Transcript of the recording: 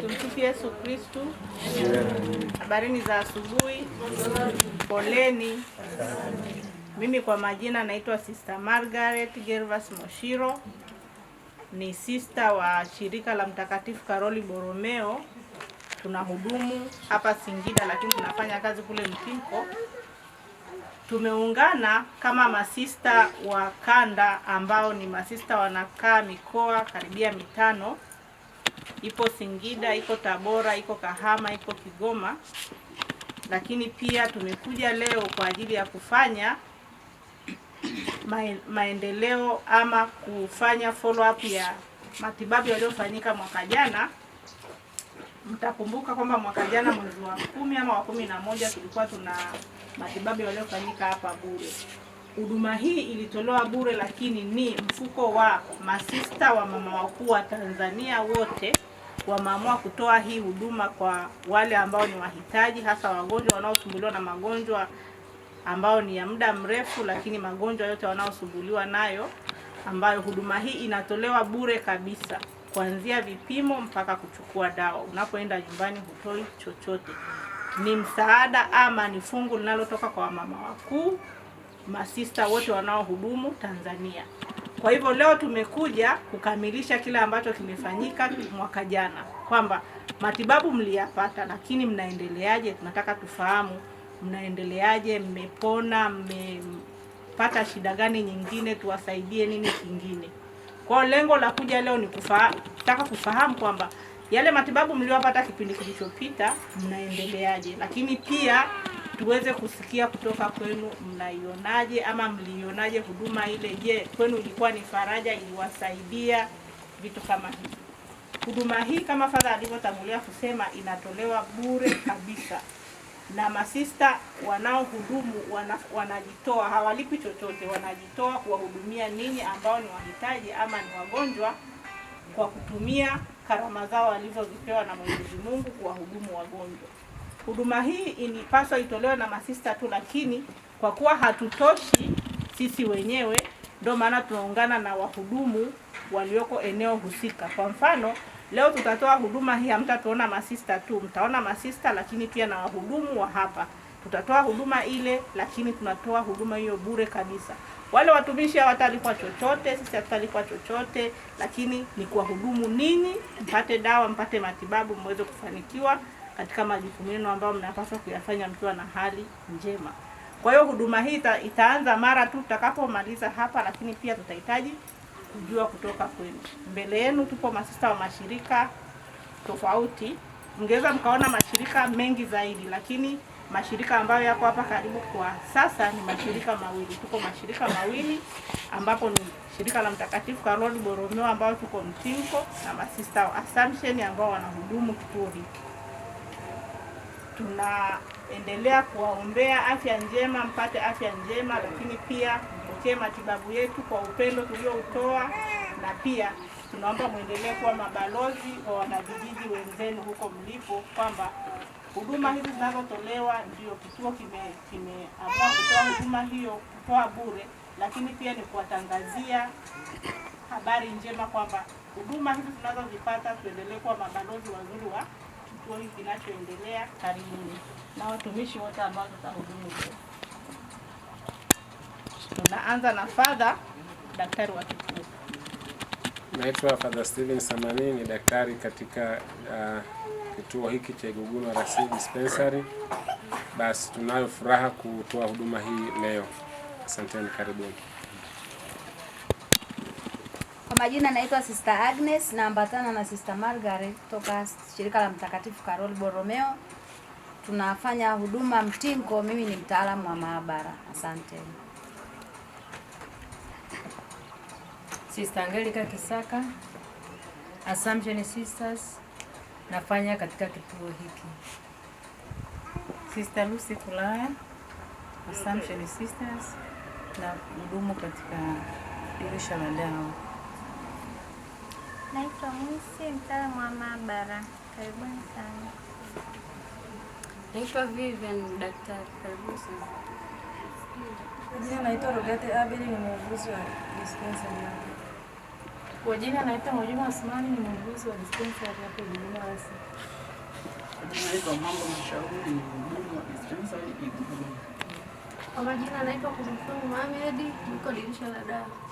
Tumsifu Yesu Kristu. Habarini za asubuhi, poleni. Mimi kwa majina naitwa Sister Margaret Gervas Moshiro, ni sister wa shirika la Mtakatifu Karoli Boromeo. Tunahudumu hapa Singida, lakini tunafanya kazi kule Mtinko. Tumeungana kama masista wa kanda ambao ni masista wanakaa mikoa karibia mitano ipo Singida, iko Tabora, iko Kahama, iko Kigoma, lakini pia tumekuja leo kwa ajili ya kufanya maendeleo ama kufanya follow up ya matibabu yaliyofanyika mwaka jana. Mtakumbuka kwamba mwaka jana mwezi wa kumi ama wa kumi na moja tulikuwa tuna matibabu yaliyofanyika hapa bure. Huduma hii ilitolewa bure, lakini ni mfuko wa masista wa mama wakuu wa Tanzania wote wameamua kutoa hii huduma kwa wale ambao ni wahitaji, hasa wagonjwa wanaosumbuliwa na magonjwa ambao ni ya muda mrefu, lakini magonjwa yote wanaosumbuliwa nayo, ambayo huduma hii inatolewa bure kabisa, kuanzia vipimo mpaka kuchukua dawa. Unapoenda nyumbani hutoi chochote. Ni msaada ama ni fungu linalotoka kwa wamama wakuu, masista wote wanaohudumu Tanzania. Kwa hivyo leo tumekuja kukamilisha kile ambacho kimefanyika mwaka jana, kwamba matibabu mliyapata, lakini mnaendeleaje? Tunataka tufahamu mnaendeleaje, mmepona, mmepata shida gani nyingine, tuwasaidie nini kingine. Kwa lengo la kuja leo ni kufahamu, kufahamu kwamba yale matibabu mliyopata kipindi kilichopita mnaendeleaje, lakini pia tuweze kusikia kutoka kwenu, mnaionaje ama mliionaje huduma ile? Je, kwenu ilikuwa ni faraja, iliwasaidia? Vitu kama hivi. Huduma hii kama fadha alivyotangulia kusema inatolewa bure kabisa, na masista wanaohudumu wana, wanajitoa, hawalipi chochote, wanajitoa kuwahudumia ninyi ambao ni wahitaji ama ni wagonjwa kwa kutumia karama zao walizozipewa na Mwenyezi Mungu kuwahudumu wagonjwa. Huduma hii inipaswa itolewe na masista tu, lakini kwa kuwa hatutoshi sisi wenyewe, ndio maana tunaungana na wahudumu walioko eneo husika. Kwa mfano leo tutatoa huduma hii, hamtatuona masista tu, mtaona masista lakini pia na wahudumu wa hapa. Tutatoa huduma ile, lakini tunatoa huduma hiyo bure kabisa. Wale watumishi hawatalipwa chochote, sisi hatutalipwa chochote, lakini ni kuwahudumu ninyi, mpate dawa, mpate matibabu, mweze kufanikiwa katika majukumu yenu ambayo mnapaswa kuyafanya mkiwa na hali njema. Kwa hiyo huduma hii ita, itaanza mara tu tutakapomaliza hapa, lakini pia tutahitaji kujua kutoka kwenu. Mbele yenu tupo masista wa mashirika tofauti, mngeweza mkaona mashirika mengi zaidi, lakini mashirika ambayo yako hapa karibu kwa sasa ni mashirika mawili. Tuko mashirika mawili ambapo ni shirika la Mtakatifu Karoli Boromeo ambao tuko Mtinko na masista wa Assumption ambao wanahudumu kituo hiki tunaendelea kuwaombea afya njema, mpate afya njema, lakini pia mpokee matibabu yetu kwa upendo tulioutoa, na pia tunaomba mwendelee kuwa mabalozi wa wanavijiji wenzenu huko mlipo, kwamba huduma hizi zinazotolewa, ndio kituo kimeamua kime kutoa huduma hiyo, kutoa bure, lakini pia ni kuwatangazia habari njema kwamba huduma hizi tunazozipata, tuendelee kuwa mabalozi wazuri wa kituoni kinachoendelea karibuni, na watumishi wote ambao tutahudumu leo. Tunaanza na fadha daktari wa kituo. Naitwa Father Steven Samani, ni daktari katika uh, kituo hiki cha Iguguno Rasi Dispensary. Basi tunayo furaha kutoa huduma hii leo. Asanteni, karibuni majina naitwa Sister Agnes na ambatana na Sister Margaret toka shirika la Mtakatifu Karol Borromeo. Tunafanya huduma mtinko, mimi ni mtaalamu wa maabara. Asante. Sister Angelica Kisaka, Assumption Sisters, nafanya katika kituo hiki. Sister Lucy Kulaya, Assumption Sisters, na hudumu katika dirisha la dawa. Naitwa Mwisi, mtaalamu wa maabara. Karibuni sana. Naitwa Vivian, daktari. Karibuni sana. Jina naitwa Rogate Abeli, ni muuguzi wa dispensari. Kwa jina naitwa Mwajuma Asmani, ni muuguzi wa dispensari hapo Igunga West. Kwa jina naitwa Mambo Mashauri, ni muuguzi wa dispensari Igunga. Kwa jina naitwa Kurufungu Mohamed, niko dirisha la dawa.